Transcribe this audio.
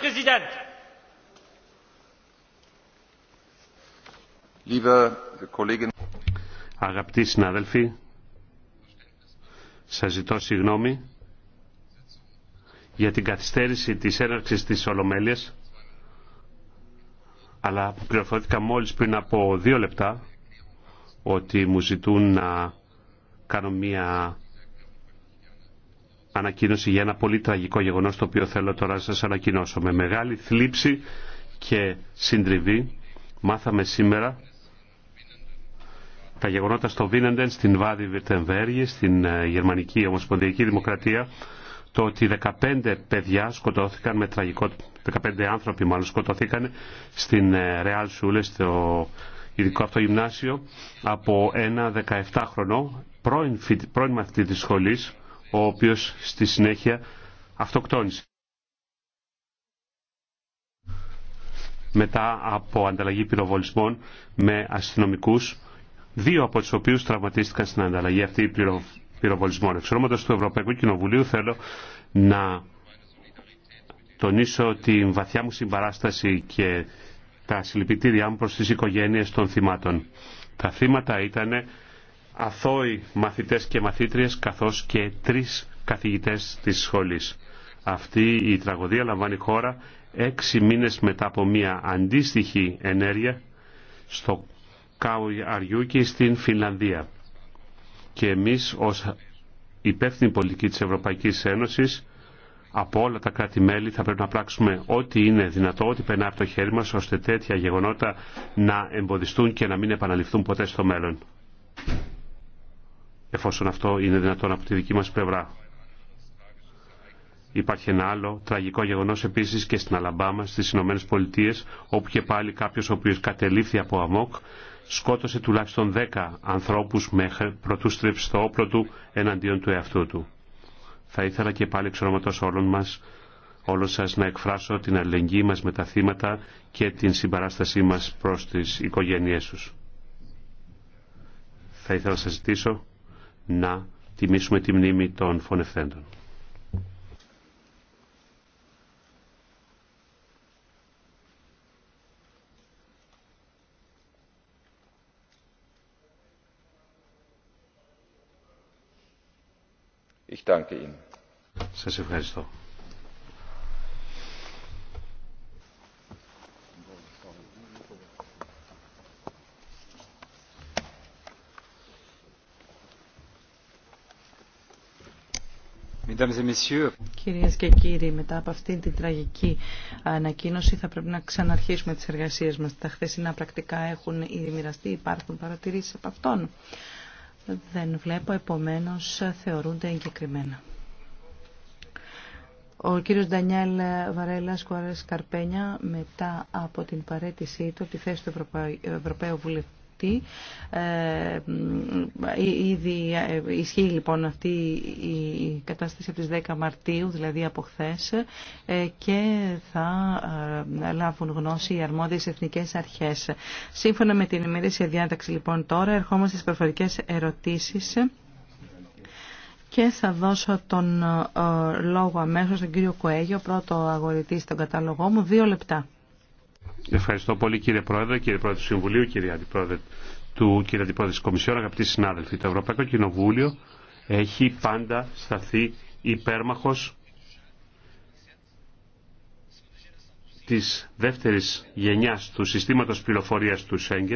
Präsident! Αγαπητοί συνάδελφοι, σας ζητώ συγγνώμη για την καθυστέρηση της έναρξης της Ολομέλειας, αλλά πληροφορήθηκα μόλις πριν από δύο λεπτά ότι μου ζητούν να κάνω μία ανακοίνωση για ένα πολύ τραγικό γεγονός το οποίο θέλω τώρα να σας ανακοινώσω. Με μεγάλη θλίψη και συντριβή μάθαμε σήμερα τα γεγονότα στο Βίνεντεν, στην Βάδη Βιρτεμβέργη, στην ε, Γερμανική Ομοσπονδιακή Δημοκρατία, το ότι 15 παιδιά σκοτώθηκαν με τραγικό, 15 άνθρωποι μάλλον σκοτώθηκαν στην ε, Ρεάλ Σούλε, στο ειδικό αυτό γυμνάσιο, από ένα 17χρονο πρώην, πρώην μαθητή της σχολής, ο οποίος στη συνέχεια αυτοκτόνησε. Μετά από ανταλλαγή πυροβολισμών με αστυνομικούς, δύο από τους οποίους τραυματίστηκαν στην ανταλλαγή αυτή πυρο, πυροβολισμών. Εξ ονόματος του Ευρωπαϊκού Κοινοβουλίου θέλω να τονίσω την βαθιά μου συμπαράσταση και τα συλληπιτήριά μου προς τις οικογένειες των θυμάτων. Τα θύματα ήταν αθώοι μαθητές και μαθήτριες καθώς και τρεις καθηγητές της σχολής. Αυτή η τραγωδία λαμβάνει χώρα έξι μήνες μετά από μια αντίστοιχη ενέργεια στο Κάου Αριού και στην Φινλανδία. Και εμείς ως υπεύθυνη πολιτική της Ευρωπαϊκής Ένωσης από όλα τα κράτη-μέλη θα πρέπει να πράξουμε ό,τι είναι δυνατό, ό,τι περνά από το χέρι μας, ώστε τέτοια γεγονότα να εμποδιστούν και να μην επαναληφθούν ποτέ στο μέλλον εφόσον αυτό είναι δυνατόν από τη δική μας πλευρά. Υπάρχει ένα άλλο τραγικό γεγονός επίσης και στην Αλαμπάμα, στις Ηνωμένε Πολιτείε, όπου και πάλι κάποιος ο οποίος κατελήφθη από αμόκ σκότωσε τουλάχιστον 10 ανθρώπους μέχρι πρωτού στρίψει το όπλο του εναντίον του εαυτού του. Θα ήθελα και πάλι εξ όλων μας όλων σας να εκφράσω την αλληλεγγύη μας με τα θύματα και την συμπαράστασή μας προς τις οικογένειές τους. Θα ήθελα να σας ζητήσω να τιμήσουμε τη μνήμη των φωνευθέντων. Ich danke Ihnen. Σας ευχαριστώ. Κυρίες και κύριοι, μετά από αυτήν την τραγική ανακοίνωση θα πρέπει να ξαναρχίσουμε τις εργασίες μας. Τα χθεσινά πρακτικά έχουν ήδη μοιραστεί, υπάρχουν παρατηρήσεις από αυτόν. Δεν βλέπω, επομένως θεωρούνται εγκεκριμένα. Ο κύριος Ντανιέλ Βαρέλα Κουαρές Καρπένια μετά από την παρέτησή του τη θέση του Ευρωπαίου Βουλευτή αυτή. Ε, ε, ήδη ε, ισχύει λοιπόν αυτή η κατάσταση από τις 10 Μαρτίου, δηλαδή από χθε, και θα λάβουν γνώση οι αρμόδιες εθνικές αρχές. Σύμφωνα με την ημερήσια διάταξη λοιπόν τώρα, ερχόμαστε στις προφορικές ερωτήσεις και θα δώσω τον λόγο αμέσως στον κύριο Κοέγιο, πρώτο αγορητή στον κατάλογό μου, δύο λεπτά. Ευχαριστώ πολύ κύριε Πρόεδρε, κύριε Πρόεδρε του Συμβουλίου, κύριε Αντιπρόεδρε του κύριε Αντιπρόεδρε της Κομισιόν, αγαπητοί συνάδελφοι. Το Ευρωπαϊκό Κοινοβούλιο έχει πάντα σταθεί υπέρμαχος της δεύτερης γενιάς του συστήματος πληροφορίας του Σέγγεν